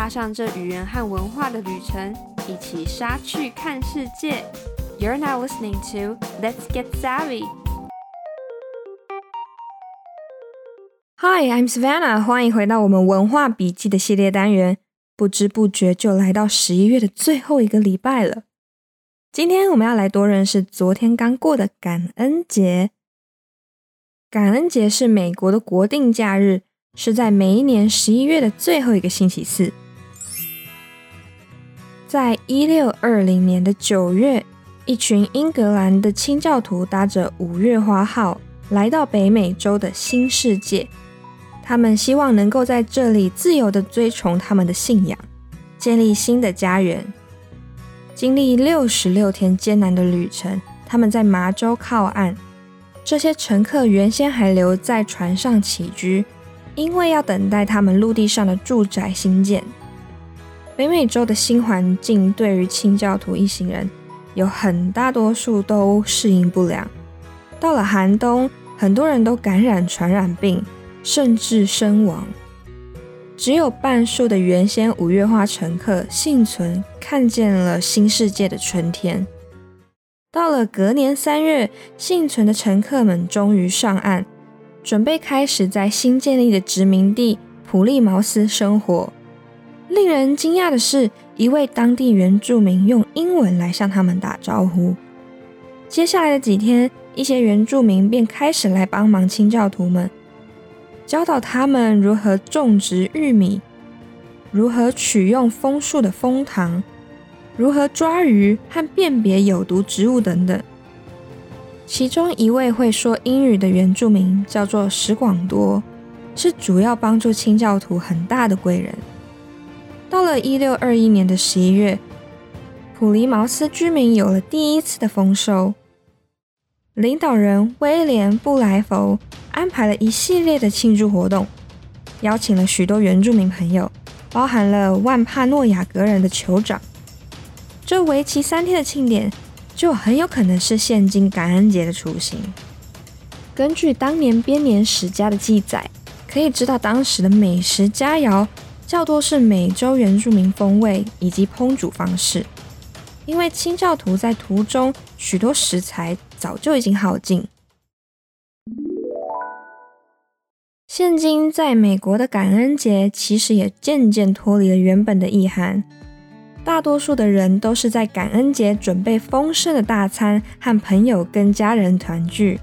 踏上這語言和文化的旅程，一起莎去看世界。You're now listening to Let's Get Savvy. Hi, I'm Savannah. 歡迎回到我們文化筆記的系列單元。不知不覺就來到十一月的最後一個禮拜了。今天我們要來多認識昨天剛過的感恩節。感恩節是美國的國定假日，是在每一年十一月的最後一個星期四。在一六二零年的九月，一群英格蘭的清教徒搭着五月花號來到北美洲的新世界。他們希望能夠在這裡自由地追崇他們的信仰，建立新的家園。經歷六十六天艱難的旅程，他們在麻州靠岸。這些乘客原先還留在船上起居，因為要等待他們陸地上的住宅新建。北美洲的新環境對於清教徒一行人，有很大多數都適應不良。到了寒冬，很多人都感染傳染病，甚至身亡。只有半數的原先五月花乘客幸存，看見了新世界的春天。到了隔年三月，幸存的乘客們終於上岸，準備開始在新建立的殖民地普利茅斯生活。令人驚訝的是，一位當地原住民用英文來向他們打招呼。接下來的幾天，一些原住民便開始來幫忙清教徒們，教導他們如何種植玉米，如何取用楓樹的楓糖，如何抓魚和辨別有毒植物等等。其中一位會說英語的原住民叫做石廣多，是主要幫助清教徒很大的貴人。到了一六二一年的十一月，普利茅斯居民有了第一次的豐收。領導人威廉·布萊佛安排了一系列的慶祝活動，邀請了許多原住民朋友，包含了萬帕諾亞格人的酋長。這為期三天的慶典就很有可能是現今感恩節的雛形。根據當年編年史家的記載，可以知道當時的美食佳餚。較多是美洲原住民風味以及烹煮方式，因為清教徒在途中許多食材早就已經耗盡。現今在美國的感恩節，其實也漸漸脫離了原本的意涵，大多數的人都是在感恩節準備豐盛的大餐，和朋友跟家人團聚。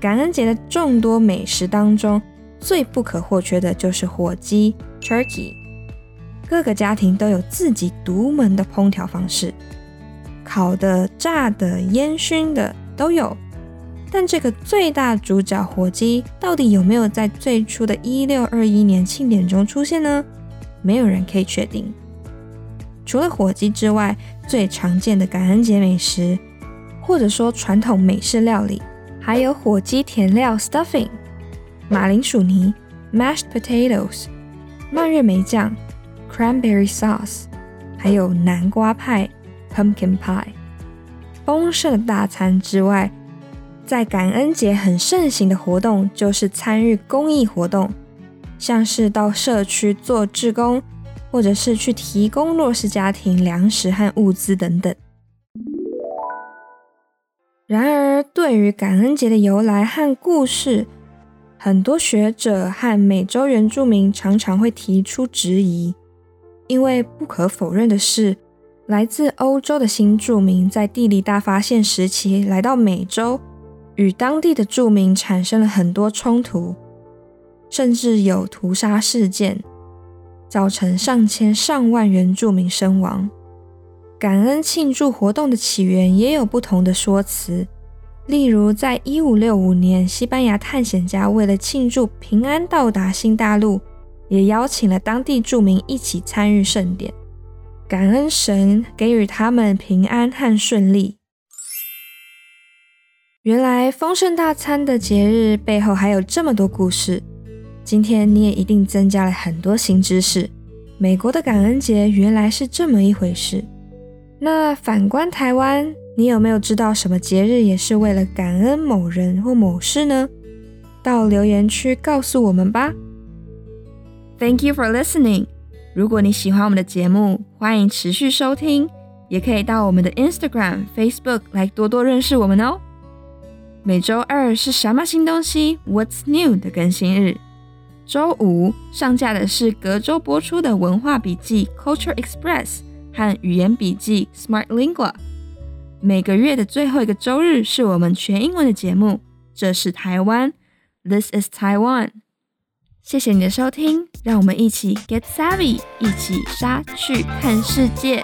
感恩節的眾多美食當中，最不可或缺的就是火雞。Turkey，各個家庭都有自己獨門的烹調方式，烤的、炸的、煙熏的都有。但這個最大主角火雞到底有沒有在最初的1621年慶典中出現呢？沒有人可以確定。除了火雞之外，最常見的感恩節美食，或者說傳統美式料理，還有火雞填料 （Stuffing）、馬鈴薯泥 （Mashed Potatoes）。蔓越莓醬 （cranberry sauce），還有南瓜派 （pumpkin pie）。豐盛的大餐之外，在感恩節很盛行的活動就是參與公益活動，像是到社區做志工，或者是去提供弱勢家庭糧食和物資等等。然而，對於感恩節的由來和故事，很多學者和美洲原住民常常會提出質疑，因為不可否認的是，來自歐洲的新住民在地理大發現時期來到美洲，與當地的住民產生了很多衝突，甚至有屠殺事件，造成上千上萬原住民身亡。感恩慶祝活動的起源也有不同的說辭。例如，在1565年，西班牙探險家為了慶祝平安到達新大陸，也邀請了當地住民一起參與盛典，感恩神給予他們平安和順利。原來豐盛大餐的節日背後還有這麼多故事，今天你也一定增加了很多新知識。美國的感恩節原來是這麼一回事。那反觀台灣。你有沒有知道什麼節日也是為了感恩某人或某事呢？到留言區告訴我們吧。Thank you for listening。如果你喜歡我們的節目，歡迎持續收聽，也可以到我們的 Instagram、Facebook 來多多認識我們哦。每周二是什麼新東西？What's new 的更新日。周五上架的是隔周播出的文化筆記 Culture Express 和語言筆記 Smart Lingua。每個月的最後一個週日是我們全英文的節目。這是台灣，This is Taiwan。謝謝你的收聽，讓我們一起 get savvy，一起莎去看世界。